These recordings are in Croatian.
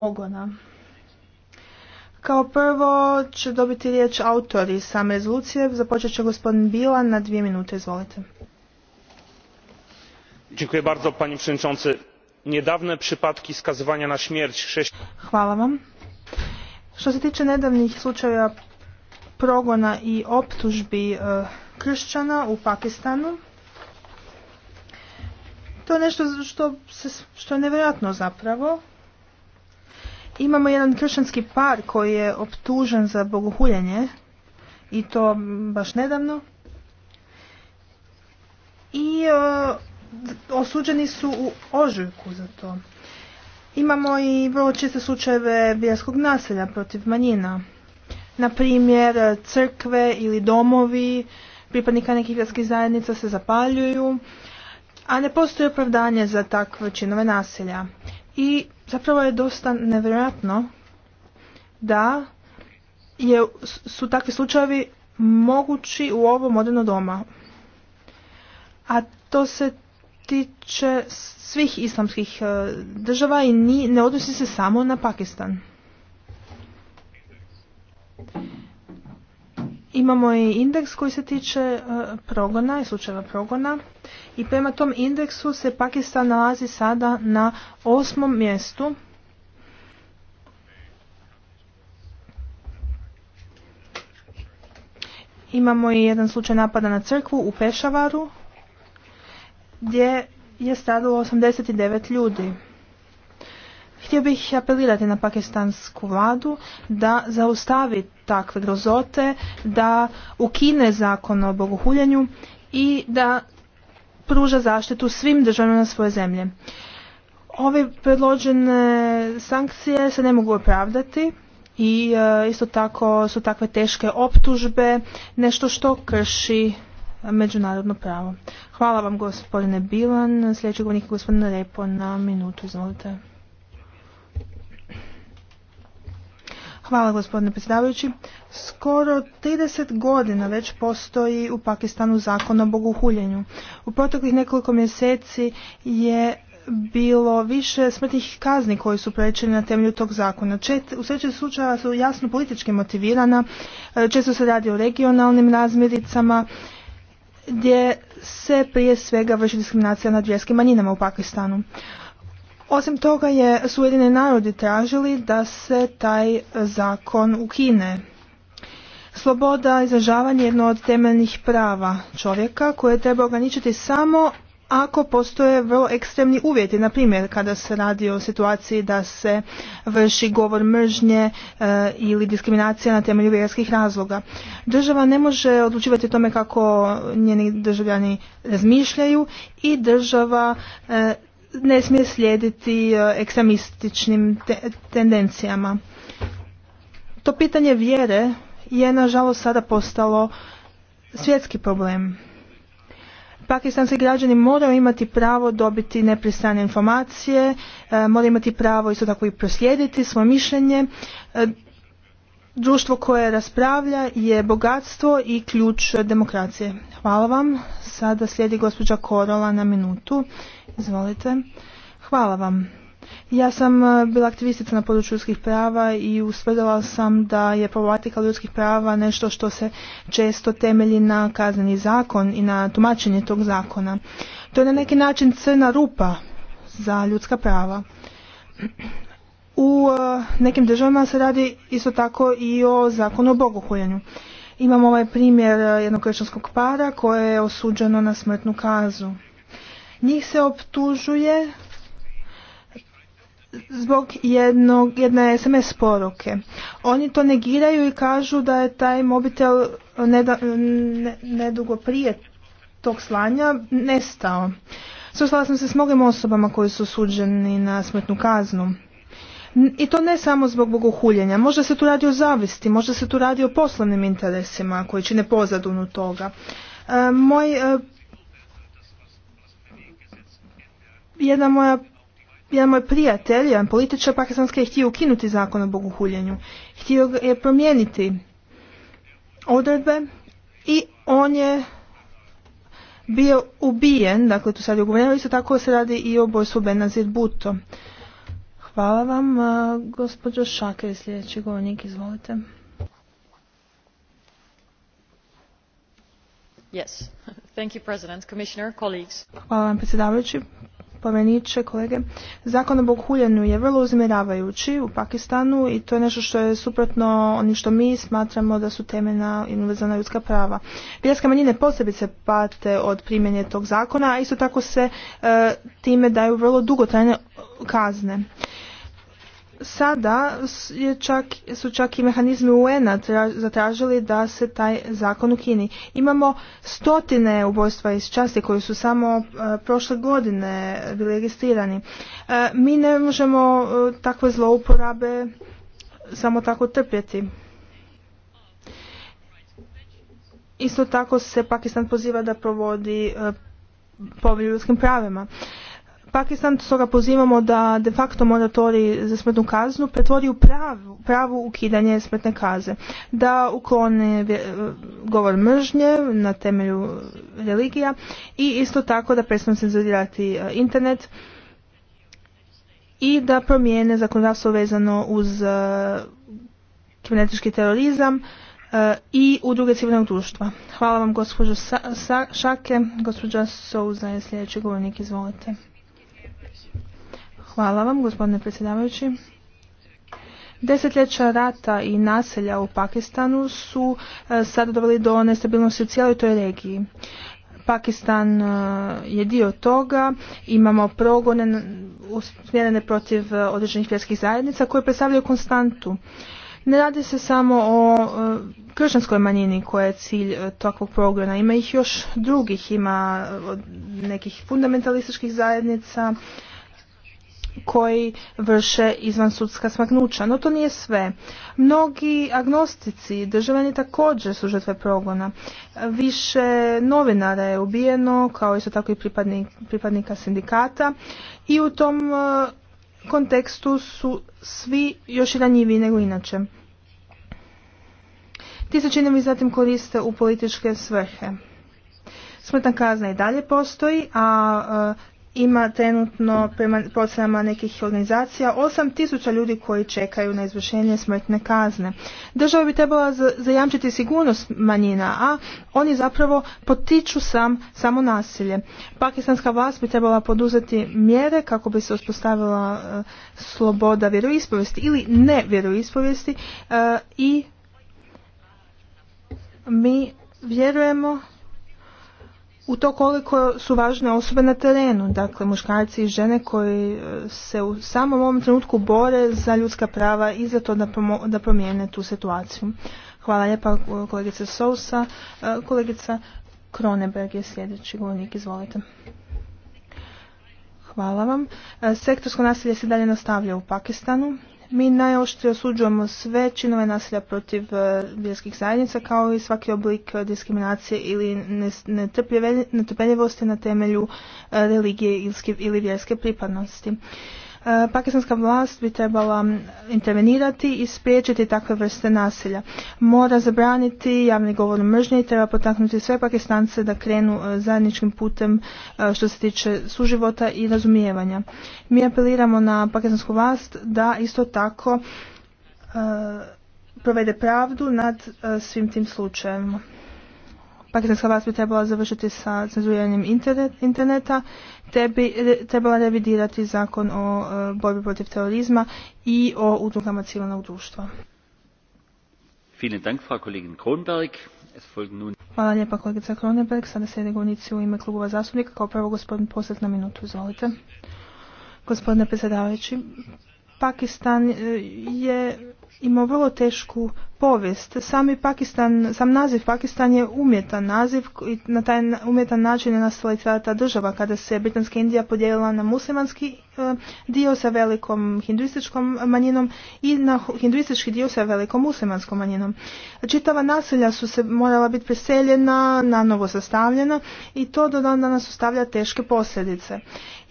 pogona. Kao prvo će dobiti riječ autori same rezolucije. Započet će gospodin Bilan na dvije minute. Izvolite. Dziękuję bardzo, panie przewodniczący. Niedawne przypadki skazywania na śmierć chrześcijan... Hvala vam. Što se tiče nedavnih progona i optužbi e, u Pakistanu, to je nešto što, se, što je nevjerojatno zapravo Imamo jedan kršćanski par koji je optužen za bogohuljenje i to baš nedavno. I e, osuđeni su u ožujku za to. Imamo i vrlo čiste slučajeve vjerskog naselja protiv manjina. Na primjer, crkve ili domovi pripadnika nekih vjerskih zajednica se zapaljuju, a ne postoji opravdanje za takve činove nasilja. I zapravo je dosta nevjerojatno da je, su takvi slučajevi mogući u ovo moderno doma. A to se tiče svih islamskih e, država i ni, ne odnosi se samo na Pakistan. Imamo i indeks koji se tiče e, progona i slučajeva progona i prema tom indeksu se Pakistan nalazi sada na osmom mjestu Imamo i jedan slučaj napada na crkvu u Pešavaru gdje je stradalo 89 ljudi. Htio bih apelirati na pakistansku vladu da zaustavi takve grozote, da ukine zakon o bogohuljenju i da pruža zaštitu svim državama svoje zemlje. Ove predložene sankcije se ne mogu opravdati i e, isto tako su takve teške optužbe nešto što krši međunarodno pravo. Hvala vam gospodine Bilan. Sljedeći govornik gospodine Repo na minutu. Izvolite. Hvala gospodine predsjedavajući. Skoro 30 godina već postoji u Pakistanu zakon o boguhuljenju. U proteklih nekoliko mjeseci je bilo više smrtnih kazni koji su prečeni na temelju tog zakona. Čet, u sreći slučaju su jasno politički motivirana, e, često se radi o regionalnim razmiricama, gdje se prije svega vrši diskriminacija nad vjerskim manjinama u Pakistanu. Osim toga je su narodi tražili da se taj zakon ukine. Sloboda izražavanja je jedno od temeljnih prava čovjeka koje treba ograničiti samo ako postoje vrlo ekstremni uvjeti, na primjer kada se radi o situaciji da se vrši govor mržnje e, ili diskriminacija na temelju vjerskih razloga. Država ne može odlučivati o tome kako njeni državljani razmišljaju i država e, ne smije slijediti e, ekstremističnim tendencijama. To pitanje vjere je nažalost sada postalo svjetski problem. Pakistanski građani moraju imati pravo dobiti nepristrane informacije, e, moraju imati pravo isto tako i proslijediti svoje mišljenje. E, društvo koje raspravlja je bogatstvo i ključ demokracije. Hvala vam. Sada slijedi gospođa Korola na minutu. Izvolite. Hvala vam. Ja sam e, bila aktivistica na području ljudskih prava i ustvrdila sam da je problematika ljudskih prava nešto što se često temelji na kazneni zakon i na tumačenje tog zakona. To je na neki način crna rupa za ljudska prava. U e, nekim državama se radi isto tako i o zakonu o bogohuljenju Imamo ovaj primjer e, jednog kršćanskog para koje je osuđeno na smrtnu kazu. Njih se optužuje zbog jednog, jedne SMS poruke. Oni to negiraju i kažu da je taj mobitel nedugo prije tog slanja nestao. Susala sam se s mnogim osobama koji su osuđeni na smrtnu kaznu. I to ne samo zbog bogohuljenja, možda se tu radi o zavisti, možda se tu radi o poslovnim interesima koji čine pozadunu toga. E, e, moja jedan moj prijatelj, jedan političar pakistanski je htio ukinuti zakon o bogohuljenju. Htio je promijeniti odredbe i on je bio ubijen, dakle tu sad je i isto tako se radi i o bojstvu Benazir Buto. Hvala vam. E, gospođo Šaker, sljedeći govornik, izvolite. Yes. Thank you, President, Hvala vam, predsjedavajući, pomeniče, kolege. Zakon o bokuljenu je vrlo uzmiravajući u Pakistanu i to je nešto što je suprotno onim što mi smatramo da su temena i uvezana ljudska prava. Vjerske manjine posebice pate od primjenje tog zakona, a isto tako se e, time daju vrlo dugotrajne kazne sada je čak, su čak i mehanizmi UN-a zatražili da se taj zakon ukini. Imamo stotine ubojstva iz časti koji su samo e, prošle godine bili registrirani. E, mi ne možemo e, takve zlouporabe samo tako trpjeti. Isto tako se Pakistan poziva da provodi po ljudskim pravima. Pakistan stoga pozivamo da de facto moratorij za smrtnu kaznu pretvori u pravu, ukidanje smrtne kaze, da uklone e, govor mržnje na temelju religija i isto tako da prestanu cenzurirati e, internet i da promijene zakonodavstvo vezano uz e, kibernetički terorizam i udruge civilnog društva. Hvala vam gospođo Šake. Gospođa Souza je sljedeći govornik. Izvolite. Hvala vam, gospodine predsjedavajući. Desetljeća rata i naselja u Pakistanu su e, sada doveli do nestabilnosti u cijeloj toj regiji. Pakistan e, je dio toga, imamo progone usmjerene protiv e, određenih vjerskih zajednica koje predstavljaju konstantu. Ne radi se samo o kršćanskoj manjini koja je cilj takvog progona. Ima ih još drugih, ima nekih fundamentalističkih zajednica, koji vrše izvansudska smaknuća. No to nije sve. Mnogi agnostici, državljani također su žrtve progona. Više novinara je ubijeno, kao isto tako i pripadnik, pripadnika sindikata i u tom uh, kontekstu su svi još i ranjiviji nego inače. Ti se i zatim koriste u političke svrhe. Smrtna kazna i dalje postoji, a uh, ima trenutno prema procenama nekih organizacija 8000 ljudi koji čekaju na izvršenje smrtne kazne. Država bi trebala zajamčiti sigurnost manjina, a oni zapravo potiču sam samo nasilje. Pakistanska vlast bi trebala poduzeti mjere kako bi se uspostavila e, sloboda vjeroispovijesti ili ne vjeroispovijesti e, i mi vjerujemo u to koliko su važne osobe na terenu, dakle muškarci i žene koji e, se u samom ovom trenutku bore za ljudska prava i za to da, promijene tu situaciju. Hvala lijepa kolegice Sousa. E, kolegica Kroneberg je sljedeći govornik, izvolite. Hvala vam. E, sektorsko nasilje se dalje nastavlja u Pakistanu. Mi najoštrije osuđujemo sve činove nasilja protiv e, vjerskih zajednica kao i svaki oblik e, diskriminacije ili netrpeljivosti na temelju e, religije ili vjerske pripadnosti. E, pakistanska vlast bi trebala intervenirati i spriječiti takve vrste nasilja. Mora zabraniti javni govor mržnje i treba potaknuti sve pakistance da krenu e, zajedničkim putem e, što se tiče suživota i razumijevanja. Mi apeliramo na pakistansku vlast da isto tako provede pravdu nad svim tim slučajevima pakistanska vlast bi trebala završiti sa cenzuriranjem interneta te bi trebala revidirati zakon o e, borbi protiv terorizma i o udrugama civilnog društva. Hvala lijepa kolegica Kronenberg. Sada se govornici u ime klubova zastupnika. Kao prvo gospodin posljed na minutu. Izvolite. Gospodine predsjedavajući, Pakistan e, je imao vrlo tešku povijest. Sami Pakistan, sam naziv Pakistan je umjetan naziv i na taj umjetan način je nastala i ta država kada se Britanska Indija podijelila na muslimanski e, dio sa velikom hinduističkom manjinom i na hinduistički dio sa velikom muslimanskom manjinom. Čitava naselja su se morala biti preseljena, na novo sastavljena i to do danas ostavlja teške posljedice.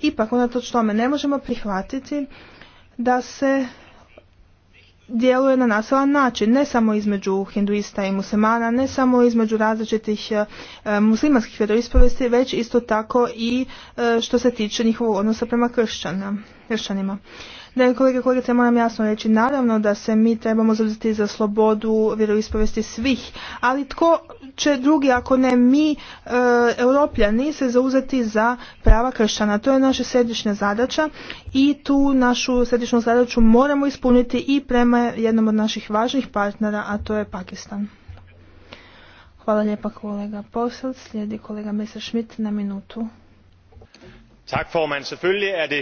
Ipak, unatoč tome, ne možemo prihvatiti da se djeluje na nasilan način, ne samo između hinduista i muslimana, ne samo između različitih e, muslimanskih vjeroispovesti, već isto tako i e, što se tiče njihovog odnosa prema kršćanima. Da, kolege i kolegice, moram jasno reći, naravno da se mi trebamo zauzeti za slobodu vjeroispovesti svih, ali tko će drugi, ako ne mi, e, europljani, se zauzeti za prava kršćana. To je naša središnja zadaća i tu našu središnju zadaću moramo ispuniti i prema jednom od naših važnih partnera, a to je Pakistan. Hvala lijepa kolega Posel, slijedi kolega Mesa Schmidt na minutu. Er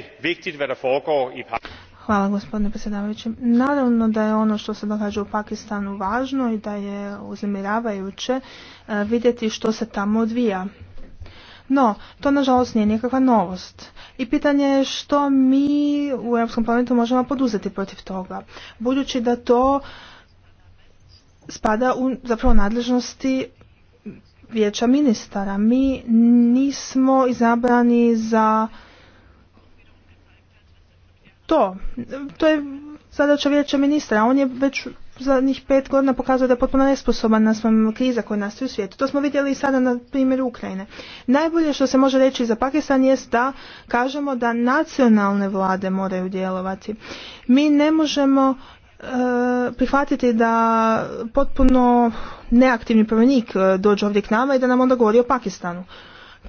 Hvala gospodine predsjedavajući. Naravno da je ono što se događa u Pakistanu važno i da je uznemiravajuće e, vidjeti što se tamo odvija. No, to nažalost nije nikakva novost. I pitanje je što mi u Europskom parlamentu možemo poduzeti protiv toga. Budući da to spada u zapravo nadležnosti vijeća ministara. Mi nismo izabrani za to. To je zadaća vijeća ministra. On je već zadnjih pet godina pokazao da je potpuno nesposoban na svom kriza koja nastaje u svijetu. To smo vidjeli i sada na primjeru Ukrajine. Najbolje što se može reći za Pakistan je da kažemo da nacionalne vlade moraju djelovati. Mi ne možemo E, prihvatiti da potpuno neaktivni prvenik e, dođe ovdje k nama i da nam onda govori o Pakistanu.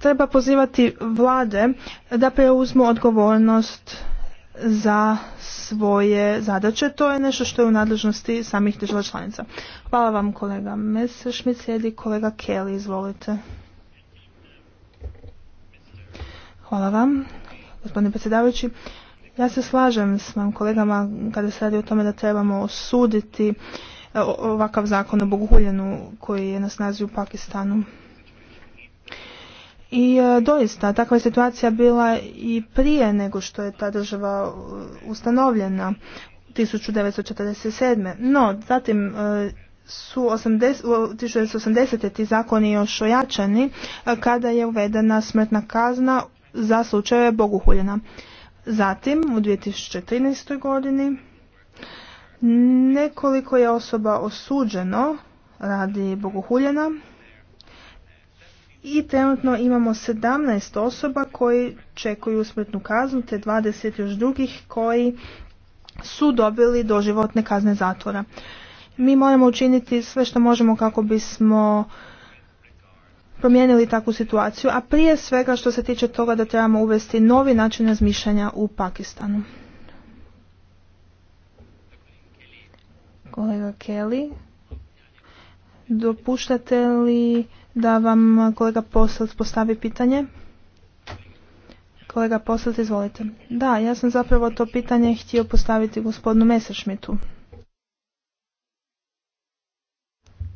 Treba pozivati vlade da preuzmu odgovornost za svoje zadaće. To je nešto što je u nadležnosti samih država članica. Hvala vam kolega Messerschmidt, slijedi kolega Kelly, izvolite. Hvala vam, gospodine predsjedavajući. Ja se slažem s mojim kolegama kada se radi o tome da trebamo osuditi e, ovakav zakon o Boguhuljenu koji je na snazi u Pakistanu. I e, doista, takva je situacija bila i prije nego što je ta država e, ustanovljena 1947. No, zatim su 80, 1980. ti zakoni još ojačani kada je uvedena smrtna kazna za slučajeve Boguhuljena. Zatim, u 2013. godini nekoliko je osoba osuđeno radi bogohuljena i trenutno imamo 17 osoba koji čekuju smrtnu kaznu te 20 još drugih koji su dobili doživotne kazne zatvora. Mi moramo učiniti sve što možemo kako bismo promijenili takvu situaciju, a prije svega što se tiče toga da trebamo uvesti novi način razmišljanja u Pakistanu. Kolega Kelly, dopuštate li da vam kolega Poslac postavi pitanje? Kolega Poslac, izvolite. Da, ja sam zapravo to pitanje htio postaviti gospodinu Messerschmittu.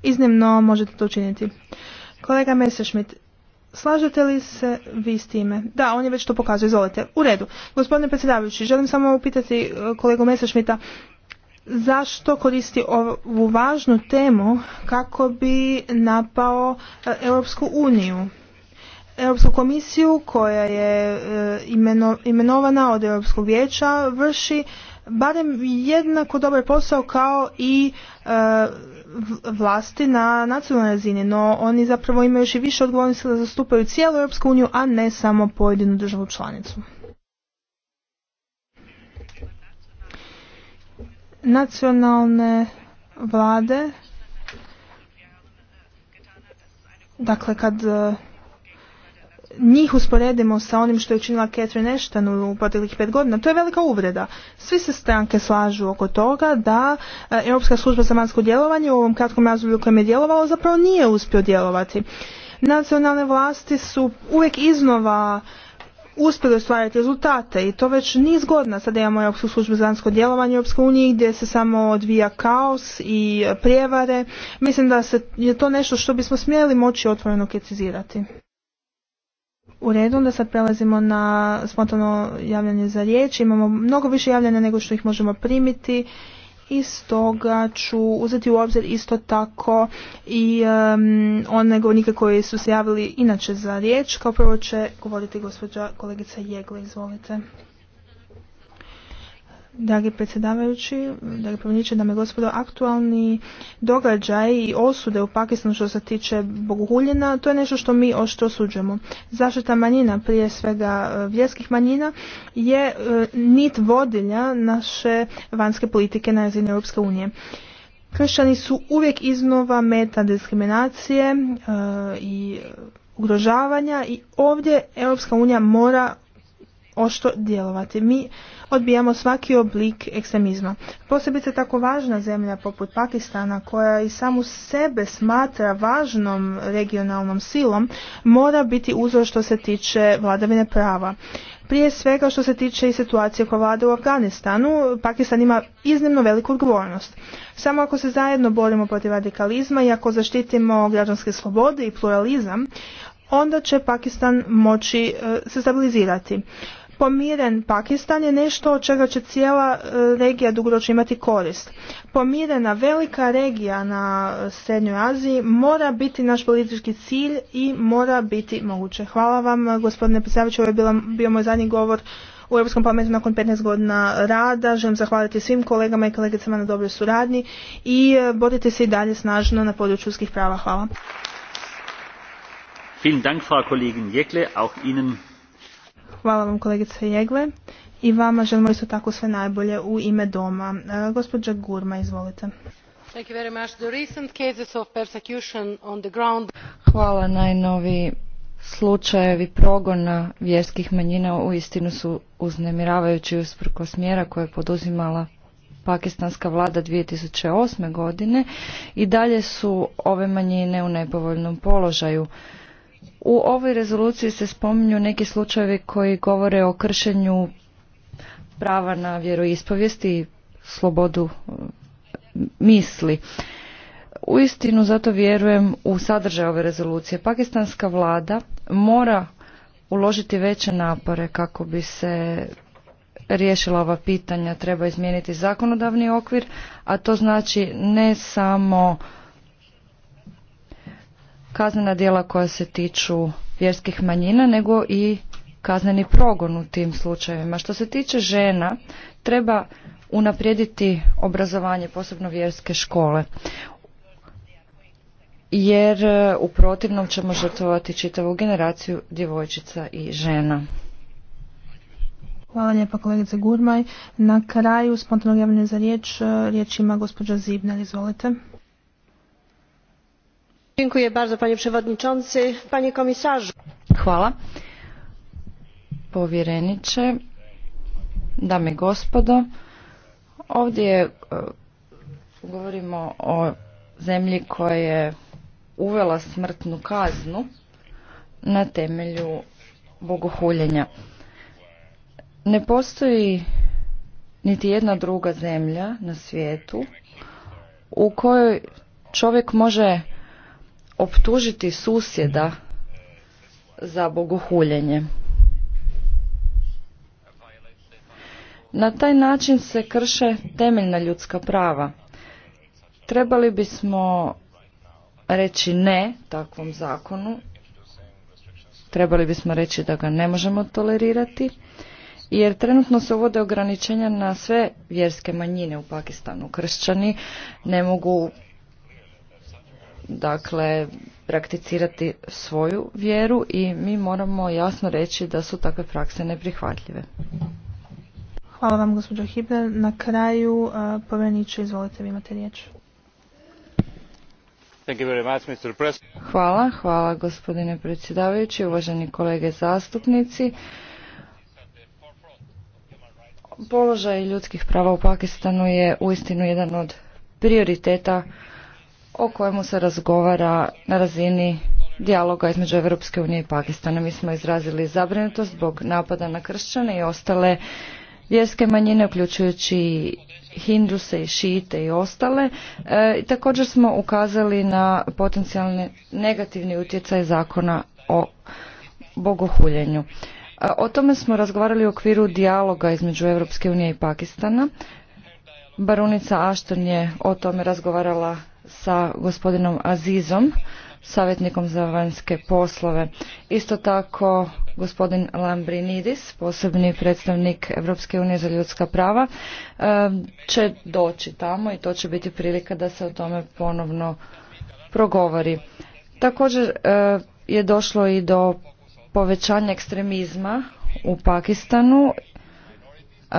Iznimno možete to učiniti. Kolega Mesešmit, slažete li se vi s time? Da, on je već to pokazuje, izvolite. U redu. Gospodine predsjedavajući, želim samo upitati e, kolegu Mesešmita zašto koristi ovu važnu temu kako bi napao e, Europsku uniju. Europsku komisiju koja je e, imenovana od Europskog vijeća vrši barem jednako dobar posao kao i e, vlasti na nacionalnoj razini, no oni zapravo imaju još i više odgovornosti da zastupaju cijelu Europsku uniju, a ne samo pojedinu državu članicu. Nacionalne vlade, dakle kad e, njih usporedimo sa onim što je učinila Catherine Ashton u proteklih pet godina, to je velika uvreda. Svi se stranke slažu oko toga da e, Europska služba za vanjsko djelovanje u ovom kratkom razdoblju kojem je djelovalo zapravo nije uspio djelovati. Nacionalne vlasti su uvijek iznova uspjeli ostvariti rezultate i to već niz godina. Sada imamo Europsku službu za vanjsko djelovanje u Europskoj uniji gdje se samo odvija kaos i prijevare. Mislim da se, je to nešto što bismo smjeli moći otvoreno kritizirati. U redu, onda sad prelazimo na spontano javljanje za riječ. Imamo mnogo više javljanja nego što ih možemo primiti i stoga ću uzeti u obzir isto tako i um, one govornike koji su se javili inače za riječ. Kao prvo će govoriti gospođa kolegica Jegle, izvolite. Dragi predsjedavajući, dragi pomeniče, dame gospodo, aktualni događaj i osude u Pakistanu što se tiče Boguhuljena, to je nešto što mi ošto osuđujemo. Zaštita manjina, prije svega e, vjerskih manjina, je e, nit vodilja naše vanjske politike na razini Europske unije. Kršćani su uvijek iznova meta diskriminacije e, i ugrožavanja i ovdje Europska unija mora ošto djelovati. Mi odbijamo svaki oblik ekstremizma. Posebice tako važna zemlja poput Pakistana koja i samu sebe smatra važnom regionalnom silom mora biti uzor što se tiče vladavine prava. Prije svega što se tiče i situacije koja vlada u Afganistanu, Pakistan ima iznimno veliku odgovornost. Samo ako se zajedno borimo protiv radikalizma i ako zaštitimo građanske slobode i pluralizam, onda će Pakistan moći e, se stabilizirati. Pomiren Pakistan je nešto od čega će cijela e, regija dugoročno imati korist. Pomirena velika regija na e, Srednjoj Aziji mora biti naš politički cilj i mora biti moguće. Hvala vam e, gospodine predsjedavajući, ovo je bio moj zadnji govor u Europskom parlamentu nakon 15 godina rada. Želim zahvaliti svim kolegama i kolegicama na dobroj suradnji i borite se i dalje snažno na području ljudskih prava. Hvala. Vielen Dank, Frau Kollegin auch Ihnen Hvala vam kolegice Jegle i vama želimo isto tako sve najbolje u ime doma. E, Gospodža Gurma, izvolite. Hvala najnoviji slučajevi progona vjerskih manjina u istinu su uznemiravajući usprkos smjera koje je poduzimala pakistanska vlada 2008. godine i dalje su ove manjine u nepovoljnom položaju. U ovoj rezoluciji se spominju neki slučajevi koji govore o kršenju prava na vjeroispovijest i slobodu eh, misli. U istinu zato vjerujem u sadržaj ove rezolucije. Pakistanska vlada mora uložiti veće napore kako bi se riješila ova pitanja. Treba izmijeniti zakonodavni okvir, a to znači ne samo kaznena djela koja se tiču vjerskih manjina, nego i kazneni progon u tim slučajevima. Što se tiče žena, treba unaprijediti obrazovanje, posebno vjerske škole, jer e, u protivnom ćemo žrtvovati čitavu generaciju djevojčica i žena. Hvala lijepa kolegice Gurmaj. Na kraju spontanog javljanja za riječ, e, riječ ima gospođa Zibner, izvolite panie przewodniczący panie komisarzu! hvala povjereniče dame i gospodo ovdje e, govorimo o zemlji koja je uvela smrtnu kaznu na temelju bogohuljenja ne postoji niti jedna druga zemlja na svijetu u kojoj čovjek može optužiti susjeda za bogohuljenje. Na taj način se krše temeljna ljudska prava. Trebali bismo reći ne takvom zakonu. Trebali bismo reći da ga ne možemo tolerirati jer trenutno se uvode ograničenja na sve vjerske manjine u Pakistanu. Kršćani ne mogu dakle prakticirati svoju vjeru i mi moramo jasno reći da su takve prakse neprihvatljive. Hvala vam gospođo Hibner. Na kraju uh, povjereniče izvolite vi imate riječ. Hvala, hvala gospodine predsjedavajući, uvaženi kolege zastupnici. Položaj ljudskih prava u Pakistanu je uistinu jedan od prioriteta o kojemu se razgovara na razini dijaloga između Europske unije i Pakistana. Mi smo izrazili zabrinutost zbog napada na kršćane i ostale vjerske manjine, uključujući hinduse i šite i ostale. E, također smo ukazali na potencijalni negativni utjecaj zakona o bogohuljenju. E, o tome smo razgovarali u okviru dijaloga između Europske unije i Pakistana. Barunica Ašton je o tome razgovarala sa gospodinom Azizom, savjetnikom za vanjske poslove. Isto tako gospodin Lambrinidis, posebni predstavnik Europske unije za ljudska prava, e, će doći tamo i to će biti prilika da se o tome ponovno progovori. Također e, je došlo i do povećanja ekstremizma u Pakistanu. E,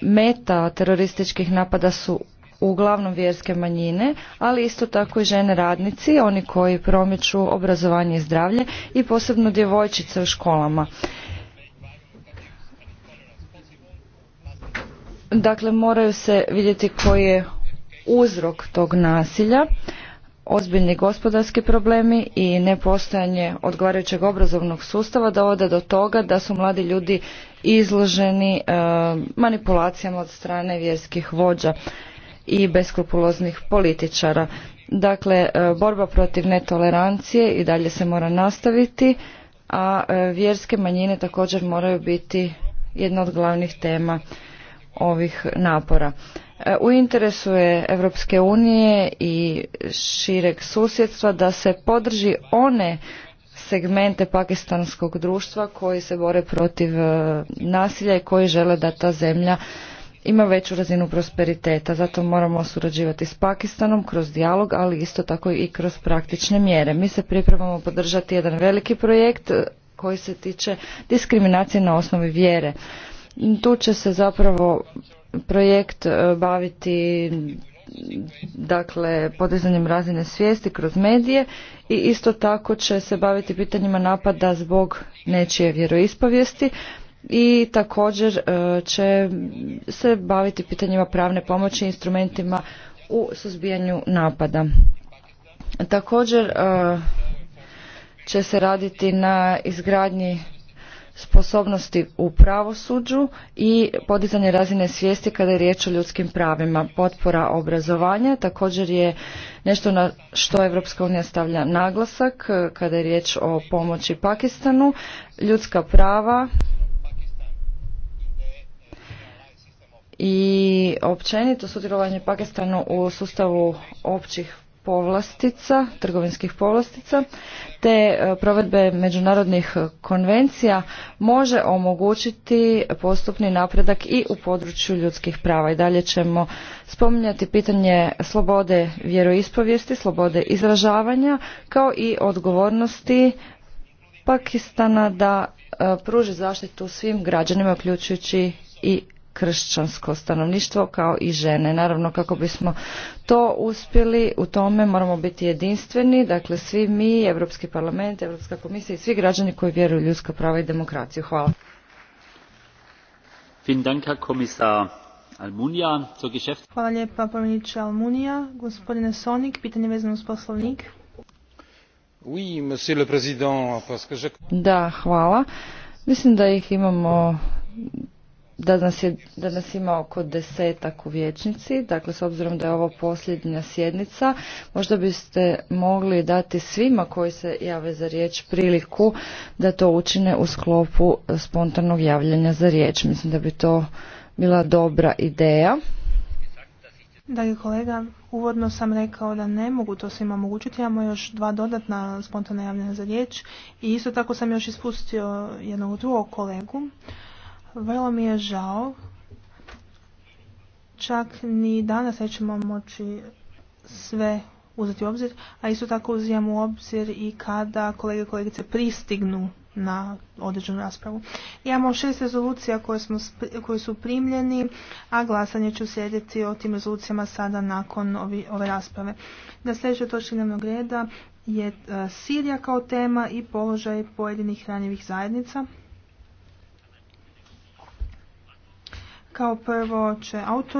meta terorističkih napada su uglavnom vjerske manjine, ali isto tako i žene radnici, oni koji promiču obrazovanje i zdravlje i posebno djevojčice u školama. Dakle, moraju se vidjeti koji je uzrok tog nasilja, ozbiljni gospodarski problemi i nepostojanje odgovarajućeg obrazovnog sustava dovode do toga da su mladi ljudi izloženi eh, manipulacijama od strane vjerskih vođa i beskrupuloznih političara. Dakle, e, borba protiv netolerancije i dalje se mora nastaviti, a e, vjerske manjine također moraju biti jedna od glavnih tema ovih napora. E, u interesu je Europske unije i šireg susjedstva da se podrži one segmente pakistanskog društva koji se bore protiv nasilja i koji žele da ta zemlja ima veću razinu prosperiteta. Zato moramo surađivati s Pakistanom kroz dijalog, ali isto tako i kroz praktične mjere. Mi se pripremamo podržati jedan veliki projekt e, koji se tiče diskriminacije na osnovi vjere. Tu će se zapravo projekt e, baviti dakle podizanjem razine svijesti kroz medije i isto tako će se baviti pitanjima napada zbog nečije vjeroispovijesti i također e, će se baviti pitanjima pravne pomoći i instrumentima u suzbijanju napada. Također e, će se raditi na izgradnji sposobnosti u pravosuđu i podizanje razine svijesti kada je riječ o ljudskim pravima. Potpora obrazovanja također je nešto na što Evropska unija stavlja naglasak e, kada je riječ o pomoći Pakistanu. Ljudska prava, i općenito sudjelovanje Pakistanu u sustavu općih povlastica, trgovinskih povlastica, te e, provedbe međunarodnih konvencija može omogućiti postupni napredak i u području ljudskih prava. I dalje ćemo spominjati pitanje slobode vjeroispovijesti, slobode izražavanja, kao i odgovornosti Pakistana da e, pruži zaštitu svim građanima, uključujući i kršćansko stanovništvo kao i žene. Naravno kako bismo to uspjeli u tome moramo biti jedinstveni, dakle svi mi, Europski parlament, Europska komisija i svi građani koji vjeruju ljudska prava i demokraciju. Hvala. Hvala lijepa, pomjeniče Almunija. Gospodine Sonik, pitanje vezano uz poslovnik. Da, hvala. Mislim da ih imamo da nas, je, da nas ima oko desetak u vječnici, dakle s obzirom da je ovo posljednja sjednica, možda biste mogli dati svima koji se jave za riječ priliku da to učine u sklopu spontanog javljanja za riječ. Mislim da bi to bila dobra ideja. Dragi kolega, uvodno sam rekao da ne mogu to svima omogućiti, imamo još dva dodatna spontana javljanja za riječ i isto tako sam još ispustio jednog drugog kolegu vrlo mi je žao. Čak ni danas nećemo moći sve uzeti u obzir, a isto tako uzijem u obzir i kada kolege i kolegice pristignu na određenu raspravu. Imamo šest rezolucija koje, su primljeni, a glasanje ću slijediti o tim rezolucijama sada nakon ove rasprave. Na sljedećoj točki dnevnog reda je e, Sirija kao tema i položaj pojedinih ranjivih zajednica. Kao prvo će autori